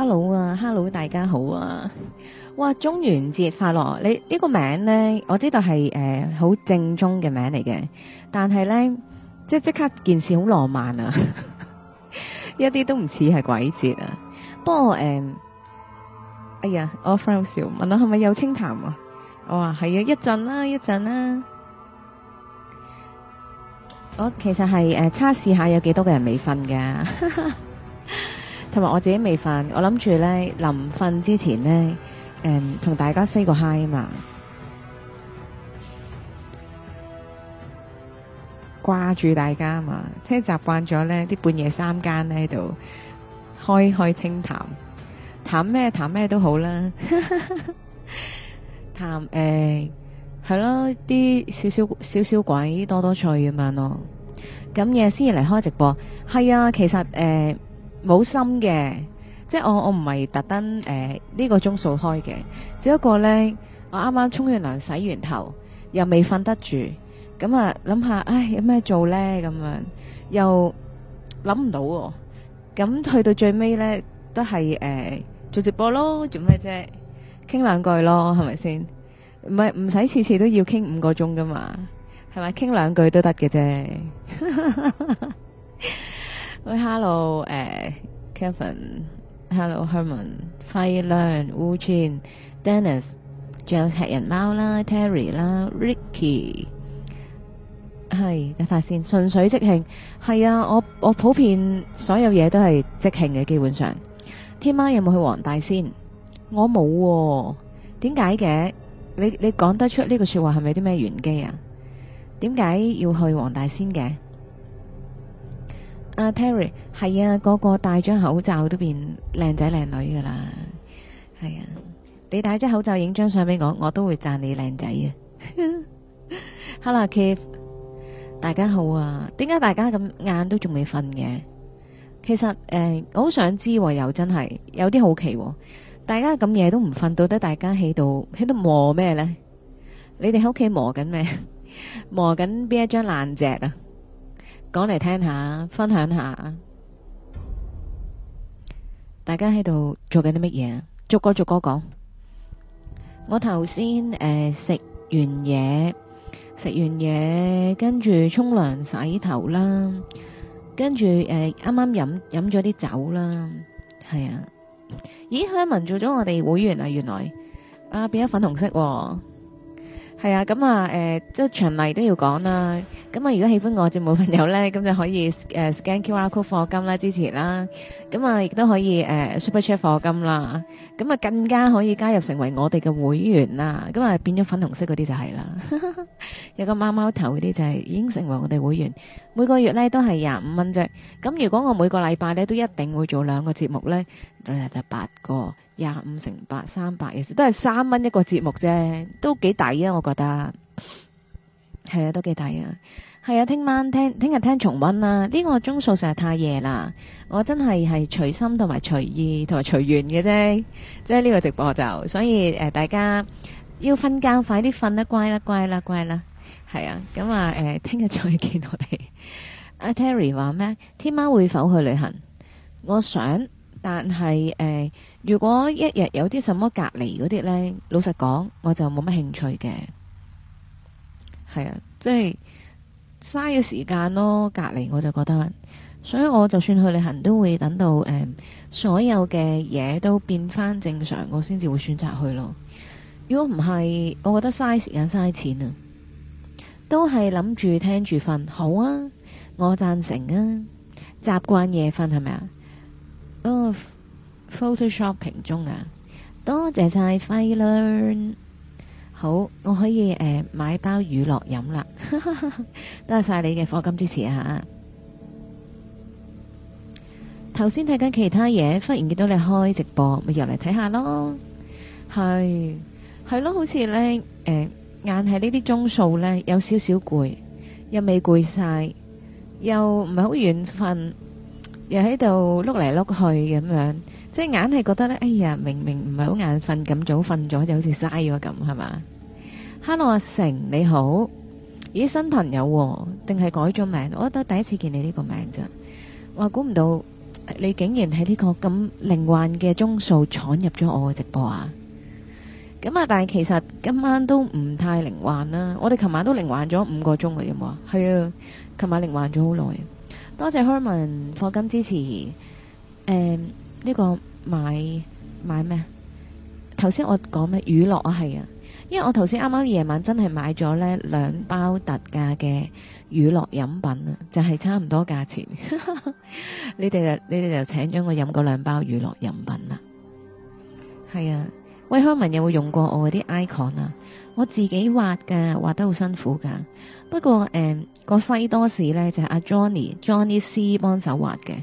Hello 啊，Hello，大家好啊！哇，中元節快樂！Hello. 你呢、這個名咧，我知道係誒好正宗嘅名嚟嘅，但係咧，即即刻件事好浪漫啊， 一啲都唔似係鬼節啊！不過誒，哎呀，哦、我 friend 笑，問我係咪有清談啊？我話係啊，一陣啦，一陣啦。我、哦、其實係誒、呃、測試下有幾多個人未瞓噶。 同埋我自己未瞓，我諗住咧臨瞓之前咧，誒、嗯，同大家 say 個 hi 嘛，掛住大家啊嘛，即係習慣咗咧啲半夜三更咧喺度開開清談，談咩談咩都好啦，談誒係咯啲少少少少鬼多多趣咁樣咯，咁夜先嚟開直播，係啊，其實誒。欸冇心嘅，即係我我唔係特登誒呢個鐘數開嘅，只不過呢我啱啱沖完涼洗完頭，又未瞓得住，咁啊諗下，唉有咩做呢咁樣，又諗唔到喎，咁去到最尾呢都係誒做直播咯，做咩啫？傾兩句咯，係咪先？唔係唔使次次都要傾五個鐘噶嘛？係咪？傾兩句都得嘅啫。喂，Hello，誒、uh,，Kevin，Hello，Herman，Fei Lun，Wu Jun，Dennis，仲有食人貓啦，Terry 啦，Ricky，係得快先，純粹即興，係啊，我我普遍所有嘢都係即興嘅，基本上，天喵有冇去黃大仙？我冇，點解嘅？你你講得出呢個說話係咪啲咩玄機啊？點解要去黃大仙嘅？啊、uh,，Terry 係啊，個個戴張口罩都變靚仔靚女噶啦，係啊，你戴張口罩影張相俾我，我都會讚你靚仔啊。 Hello Keith 大家好啊，點解大家咁晏都仲未瞓嘅？其實誒、呃，我好想知道、啊、又真係有啲好奇、啊，大家咁夜都唔瞓，到底大家喺度喺度磨咩呢？你哋喺屋企磨緊咩？磨緊邊一張爛隻啊？講嚟聽下，分享下，大家喺度做緊啲乜嘢？逐個逐個講。我頭先誒食完嘢，食完嘢跟住沖涼洗頭啦，跟住誒啱啱飲飲咗啲酒啦，係啊。咦，香文做咗我哋會員啊，原來啊變咗粉紅色喎。係啊，咁啊，誒，即係循例都要講啦。咁啊，如果喜歡我節目朋友呢，咁就可以誒 scan QR code 課金啦，支持啦。咁啊，亦都可以誒 Super Chat 課金啦。咁啊，更加可以加入成為我哋嘅會員啦。咁啊，變咗粉紅色嗰啲就係啦。有個貓貓頭嗰啲就係已經成為我哋會員。每個月呢都係廿五蚊啫。咁如果我每個禮拜呢都一定會做兩個節目呢。就八個廿五乘八三百。其實都係三蚊一個節目啫，都幾抵啊！我覺得係啊，都幾抵啊！係啊，聽晚聽聽日聽重溫啦。呢、這個鐘數實在太夜啦，我真係係隨心同埋隨意同埋隨緣嘅啫，即係呢個直播就所以誒、呃，大家要瞓覺，快啲瞓啦，乖啦，乖啦，乖啦，係、呃、啊，咁啊，誒，聽日再見到你。阿 Terry 話咩？天喵會否去旅行？我想。但係誒、呃，如果一日有啲什麼隔離嗰啲呢，老實講，我就冇乜興趣嘅。係啊，即係嘥嘅時間咯，隔離我就覺得。所以我就算去旅行，都會等到誒、呃、所有嘅嘢都變翻正常，我先至會選擇去咯。如果唔係，我覺得嘥時間嘥錢啊，都係諗住聽住瞓。好啊，我贊成啊，習慣夜瞓係咪啊？是不是嗰、oh, photoshopping 中啊，多謝晒費倫，好，我可以誒、呃、買包乳酪飲啦， 多謝晒你嘅課金支持啊！頭先睇緊其他嘢，忽然見到你開直播，咪入嚟睇下咯。係係咯，好似呢誒，硬係呢啲鐘數呢，有少少攰，又未攰晒，又唔係好願瞓。又喺度碌嚟碌去咁樣，即係眼係覺得呢，哎呀，明明唔係好眼瞓，咁早瞓咗就好似嘥咗咁，係嘛？Hello，阿成你好，咦，新朋友定係改咗名？我都第一次見你呢個名咋。哇，估唔到你竟然喺呢個咁靈幻嘅鐘數闖入咗我嘅直播啊！咁啊，但係其實今晚都唔太靈幻啦。我哋琴晚都靈幻咗五個鐘啊，有冇啊？係啊，琴晚靈幻咗好耐。多謝 Herman 課金支持，誒、嗯、呢、這個買買咩？頭先我講咩？娛樂啊，係啊，因為我頭先啱啱夜晚真係買咗呢兩包特價嘅娛樂飲品啊，就係、是、差唔多價錢。 你哋就你哋就請咗我飲嗰兩包娛樂飲品啦。係啊，喂，Herman 有冇用過我啲 icon 啊？我自己畫嘅，畫得好辛苦噶。不過誒。嗯個西多士呢，就係、是、阿、啊、Johnny Johnny C 幫手畫嘅，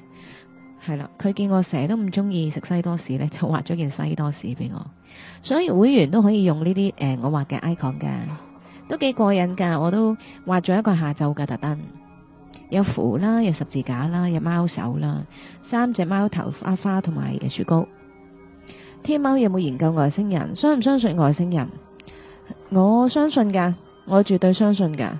係啦，佢見我成日都唔中意食西多士呢，就畫咗件西多士俾我。所以會員都可以用呢啲誒，我畫嘅 icon 嘅，都幾過癮噶。我都畫咗一個下晝嘅特登，有符啦，有十字架啦，有貓手啦，三隻貓頭花花同埋嘅雪糕。天貓有冇研究外星人？相唔相信外星人？我相信噶，我絕對相信噶。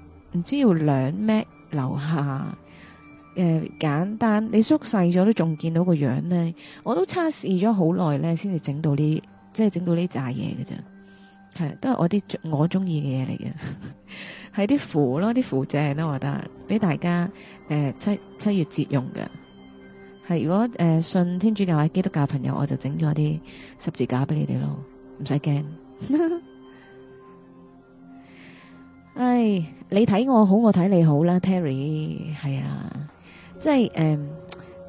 唔知要兩咩留下，誒、呃、簡單，你縮細咗都仲見到個樣咧。我都測試咗好耐咧，先至整到呢，即係整到呢扎嘢嘅啫。係都係我啲我中意嘅嘢嚟嘅，係 啲符咯，啲符正咯，我覺得俾大家，誒、呃、七七月節用嘅。係如果誒、呃、信天主教或者基督教嘅朋友，我就整咗啲十字架俾你哋咯，唔使驚。 唉，你睇我好，我睇你好啦，Terry 係啊，即係誒、嗯，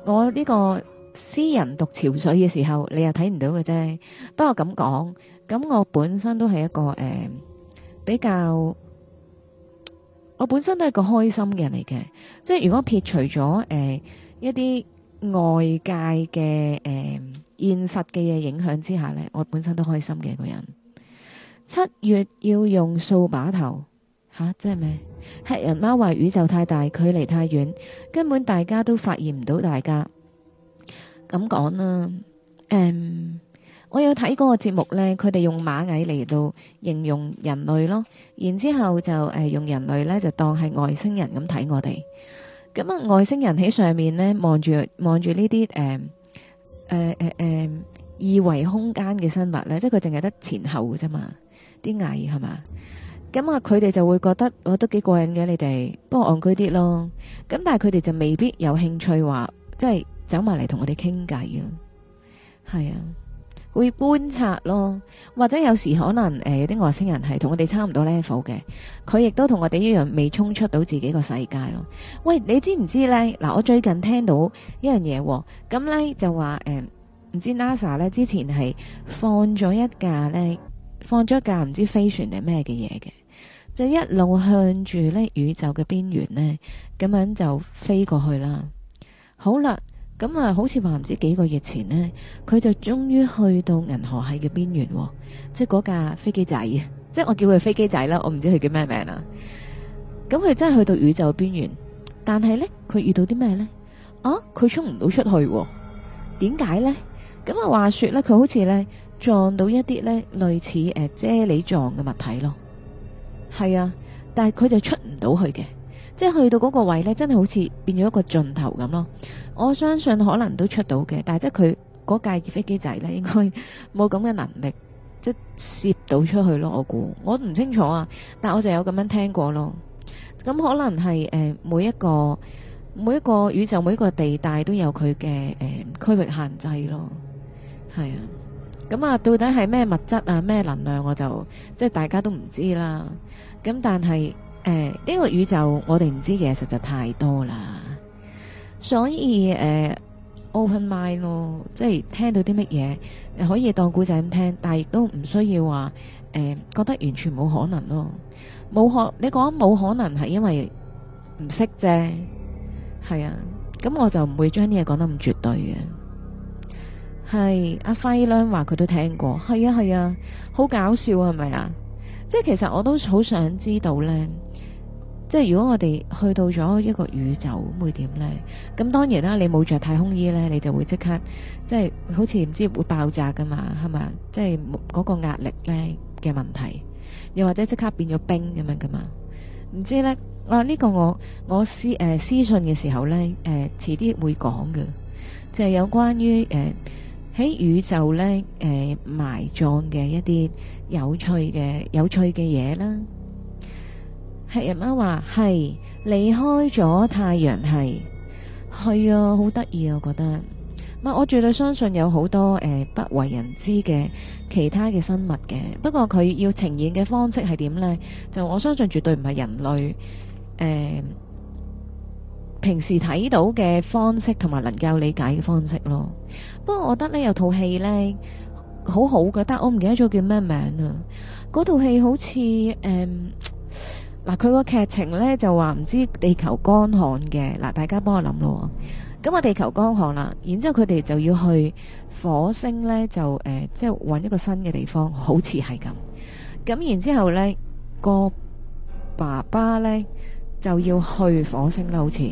我呢個私人讀潮水嘅時候，你又睇唔到嘅啫。不過咁講，咁我本身都係一個誒、嗯、比較，我本身都係一個開心嘅人嚟嘅。即係如果撇除咗誒、嗯、一啲外界嘅誒、嗯、現實嘅嘢影響之下咧，我本身都開心嘅一、那個人。七月要用掃把頭。即係咩？黑、啊、人貓話宇宙太大，距離太遠，根本大家都發現唔到大家咁講啦。誒，um, 我有睇過個節目呢，佢哋用螞蟻嚟到形容人類咯。然之後就誒、呃、用人類呢，就當係外星人咁睇我哋。咁、呃、啊，外星人喺上面呢，望住望住呢啲誒誒誒誒二維空間嘅生物呢，即係佢淨係得前後嘅啫嘛，啲蟻係嘛。是咁啊，佢哋就會覺得，我得幾過癮嘅，你哋不過戇居啲咯。咁但係佢哋就未必有興趣話，即係走埋嚟同我哋傾偈啊。係啊，會觀察咯，或者有時可能誒，有啲、呃、外星人係同我哋差唔多 level 嘅，佢亦都同我哋一樣未衝出到自己個世界咯。喂，你知唔知呢？嗱，我最近聽到一樣嘢，咁呢，就話誒，唔、呃、知 NASA 呢之前係放咗一架呢，放咗一架唔知飛船定咩嘅嘢嘅。就一路向住咧宇宙嘅邊緣呢，咁樣就飛過去啦。好啦，咁、嗯、啊，好似話唔知幾個月前呢，佢就終於去到銀河系嘅邊緣，哦，即係嗰架飛機仔，即係我叫佢飛機仔啦。我唔知佢叫咩名啊。咁、嗯、佢真係去到宇宙邊緣，但係呢，佢遇到啲咩呢？啊，佢衝唔到出去，點解呢？咁、嗯、啊，話說咧，佢好似呢撞到一啲呢類似誒、呃、啫喱狀嘅物體咯。係啊，但係佢就出唔到去嘅，即係去到嗰個位呢，真係好似變咗一個盡頭咁咯。我相信可能都出到嘅，但係即係佢嗰架飛機仔呢，應該冇咁嘅能力，即係攝到出去咯。我估我唔清楚啊，但係我就有咁樣聽過咯。咁可能係誒、呃，每一個每一個宇宙每一個地帶都有佢嘅誒區域限制咯，係啊。咁啊，到底係咩物質啊，咩能量，我就即係大家都唔知啦。咁但係誒，呢個宇宙我哋唔知嘅嘢實在太多啦。所以誒，open mind 咯，即係聽到啲乜嘢，可以當古仔咁聽，但係亦都唔需要話誒，覺得完全冇可能咯。冇可，你講冇可能係因為唔識啫。係啊，咁我就唔會將啲嘢講得咁絕對嘅。係阿輝呢，話佢都聽過，係啊係啊，好搞笑啊，係咪啊？即係其實我都好想知道呢，即係如果我哋去到咗一個宇宙咁會點呢？咁當然啦，你冇着太空衣呢，你就會刻即刻即係好似唔知會爆炸噶嘛，係咪？即係嗰個壓力呢嘅問題，又或者即刻變咗冰咁樣噶嘛？唔知呢啊呢、這個我我私誒、呃、私信嘅時候呢，誒遲啲會講嘅，就係、是、有關於誒。呃喺宇宙咧，誒、呃、埋葬嘅一啲有趣嘅有趣嘅嘢啦。係人媽話係離開咗太陽系，係啊好得意啊，我覺得。我絕對相信有好多誒、呃、不為人知嘅其他嘅生物嘅。不過佢要呈現嘅方式係點呢？就我相信絕對唔係人類，誒、呃。平時睇到嘅方式同埋能夠理解嘅方式咯，不過我覺得咧有套戲咧好好嘅，但係我唔記得咗叫咩名啦。嗰套戲好似誒嗱，佢個劇情咧就話唔知地球乾旱嘅嗱，大家幫我諗咯。咁啊，地球乾旱啦，然之後佢哋就要去火星咧，就誒即係揾一個新嘅地方，好似係咁。咁然之後咧個爸爸咧就要去火星啦，好似。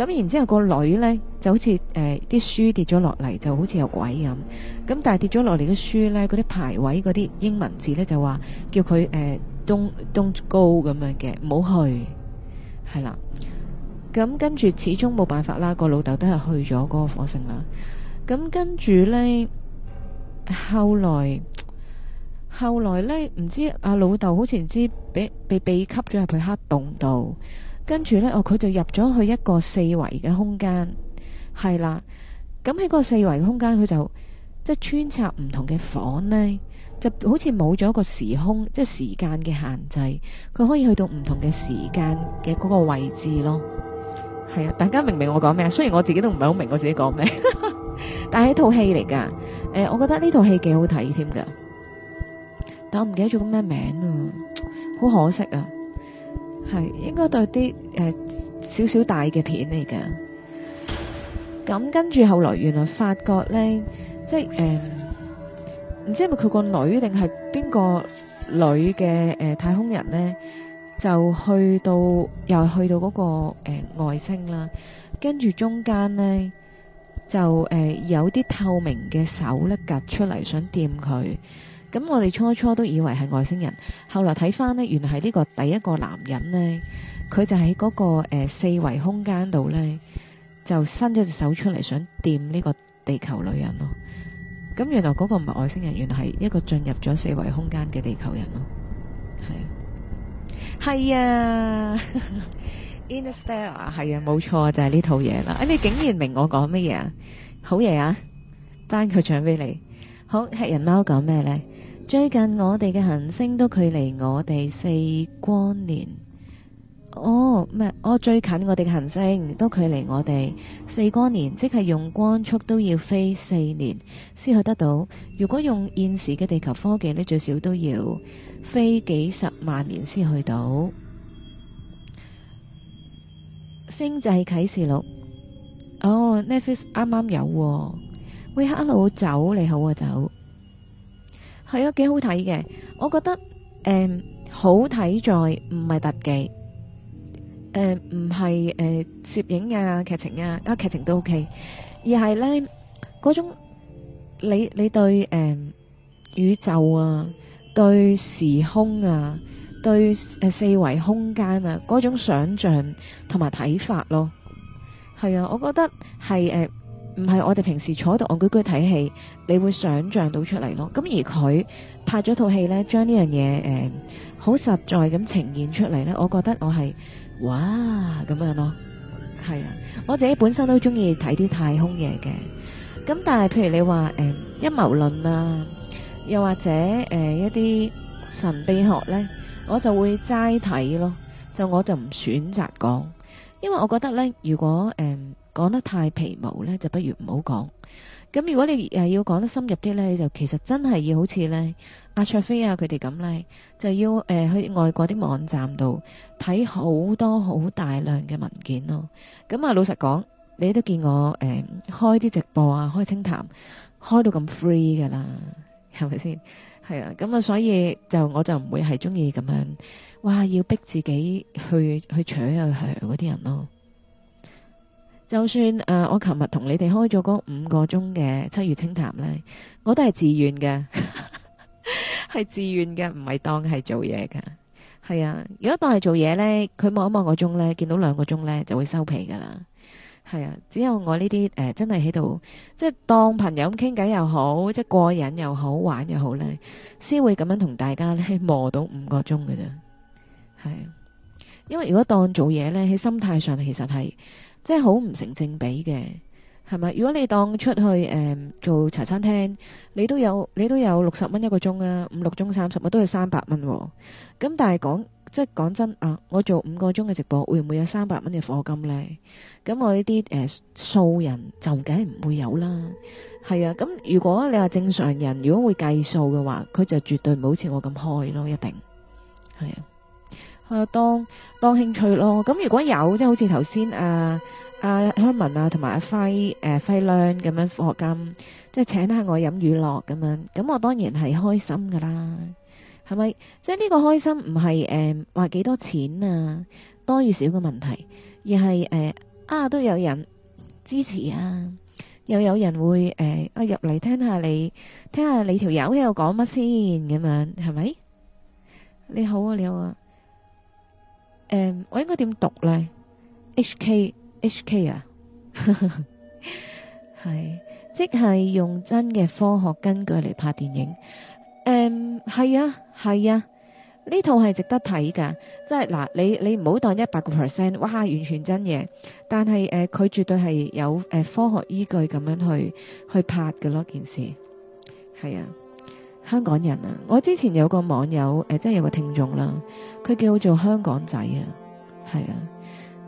咁然之後個女呢，就好似誒啲書跌咗落嚟就好似有鬼咁，咁但係跌咗落嚟嘅書呢，嗰啲排位嗰啲英文字呢，就話叫佢誒、呃、don't don't go 咁樣嘅，唔好去，係啦。咁跟住始終冇辦法啦，個老豆都係去咗嗰個火星啦。咁跟住呢，後來後來呢，唔知阿老豆好似唔知俾被、被被吸咗入去黑洞度。跟住呢，哦，佢就入咗去一個四維嘅空間，係啦。咁喺個四維空間，佢就即係穿插唔同嘅房呢，就好似冇咗個時空，即係時間嘅限制，佢可以去到唔同嘅時間嘅嗰個位置咯。係啊，大家明唔明我講咩啊？雖然我自己都唔係好明，我自己講咩， 但係套戲嚟噶。誒、呃，我覺得呢套戲幾好睇添噶，但我唔記得咗個咩名啊，好可惜啊！係應該對啲誒少少大嘅片嚟噶，咁跟住後來原來發覺呢，即係誒唔知係咪佢個女定係邊個女嘅誒太空人呢，就去到又去到嗰個誒、呃、外星啦，跟住中間呢，就誒、呃、有啲透明嘅手咧夾出嚟想掂佢。咁我哋初初都以為係外星人，後來睇翻呢，原來係呢個第一個男人呢，佢就喺嗰、那個誒、呃、四維空間度呢，就伸咗隻手出嚟想掂呢個地球女人咯。咁原來嗰個唔係外星人，原來係一個進入咗四維空間嘅地球人咯。係，係啊，Interstellar，係啊，冇 錯、啊、就係、是、呢套嘢啦、啊。你竟然明我講乜嘢啊？好嘢啊！頒個獎俾你。好，黑人貓講咩呢？最近我哋嘅行星都距離我哋四光年。哦，咩？我最近我哋嘅行星都距離我哋四光年，即係用光速都要飛四年先去得到。如果用現時嘅地球科技呢，最少都要飛幾十萬年先去到。星際啟示錄。Oh, Netflix, 剛剛哦，Netflix 啱啱有。喂，hello，走，你好啊，走。係啊，幾好睇嘅。我覺得誒，好睇在唔係特技，誒唔係誒攝影啊、劇情啊，啊劇情都 OK，而係咧嗰種你你對誒宇宙啊、對時空啊、對誒四維空間啊嗰種想象同埋睇法咯。係啊，我覺得係誒。唔係我哋平時坐度戇居居睇戲，你會想象到出嚟咯。咁而佢拍咗套戲呢，將呢樣嘢誒好實在咁呈現出嚟呢，我覺得我係哇咁樣咯。係啊，我自己本身都中意睇啲太空嘢嘅。咁但係譬如你話誒陰謀論啊，又或者誒、呃、一啲神秘學呢，我就會齋睇咯。就我就唔選擇講，因為我覺得呢，如果誒。呃講得太皮毛呢，就不如唔好講。咁如果你誒要講得深入啲呢，你就其實真係要好似呢阿卓飛啊佢哋咁呢，就要誒、呃、去外國啲網站度睇好多好大量嘅文件咯。咁啊老實講，你都見我誒、呃、開啲直播啊，開清談，開到咁 free 噶啦，係咪先？係啊，咁啊所以就我就唔會係中意咁樣，哇要逼自己去去搶去搶嗰啲人咯。就算誒、啊，我琴日同你哋開咗嗰五個鐘嘅七月清談呢，我都係自願嘅，係 自願嘅，唔係當係做嘢㗎。係啊，如果當係做嘢呢，佢望一望個鐘呢，見到兩個鐘呢，就會收皮噶啦。係啊，只有我呢啲誒真係喺度，即係當朋友咁傾偈又好，即係過癮又好玩又好呢，先會咁樣同大家咧磨到五個鐘㗎啫。係啊，因為如果當做嘢呢，喺心態上其實係。即係好唔成正比嘅，係咪？如果你當出去誒做茶餐廳，你都有你都有六十蚊一個鐘啊，五六鐘三十蚊，都要三百蚊。咁但係講即係講真啊，我做五個鐘嘅直播，會唔會有三百蚊嘅課金呢？咁我呢啲誒素人就梗係唔會有啦。係啊，咁如果你話正常人，如果會計數嘅話，佢就絕對唔好似我咁開咯，一定係啊。當當興趣咯。咁如果有即係好似頭先誒阿 Herman 啊，同埋阿輝誒輝亮咁樣科學家，即係請下我飲乳酪咁樣，咁我當然係開心噶啦。係咪即係呢個開心唔係誒話幾多錢啊，多與少嘅問題，而係誒啊都有人支持啊，又有人會誒啊入嚟聽下你聽下你條友喺度講乜先咁樣，係咪？你好啊，你好啊！誒、嗯，我應該點讀呢？HK HK 啊，係 即係用真嘅科學根據嚟拍電影。誒、嗯，係啊係啊，呢、啊、套係值得睇㗎。即係嗱，你你唔好當一百個 percent，哇，完全真嘢。但係誒，佢、呃、絕對係有誒、呃、科學依據咁樣去去拍嘅咯，件事係啊。香港人啊！我之前有個網友誒、呃，即係有個聽眾啦，佢叫做香港仔啊，係啊，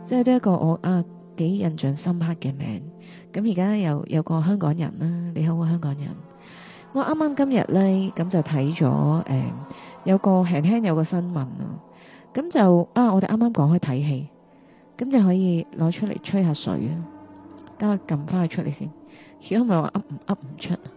即係都一個我啊幾印象深刻嘅名。咁而家又有個香港人啦、啊，你好，香港人。我啱啱今日咧咁就睇咗誒有個輕輕有個新聞啊，咁就啊我哋啱啱講開睇戲，咁就可以攞出嚟吹下水啊。等我撳翻佢出嚟先，如果唔係話噏唔噏唔出。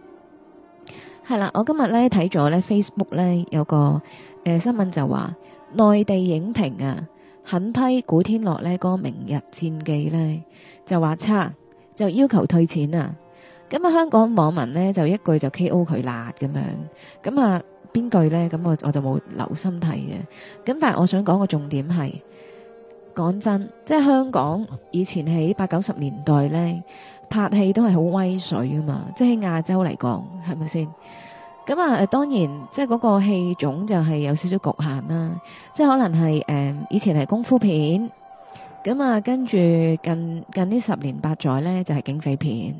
係啦，我今日咧睇咗咧 Facebook 咧有個誒新聞就話內地影評啊，狠批古天樂咧《個明日戰記》咧就話差，就要求退錢啊。咁啊，香港網民咧就一句就 KO 佢啦咁樣。咁啊，邊句咧咁我我就冇留心睇嘅。咁但係我想講個重點係，講真，即係香港以前喺八九十年代咧。拍戲都係好威水㗎嘛，即係亞洲嚟講，係咪先？咁啊，當然即係嗰個戲種就係有少少局限啦，即係可能係誒以前係功夫片，咁啊跟住近近呢十年八載呢，就係警匪片。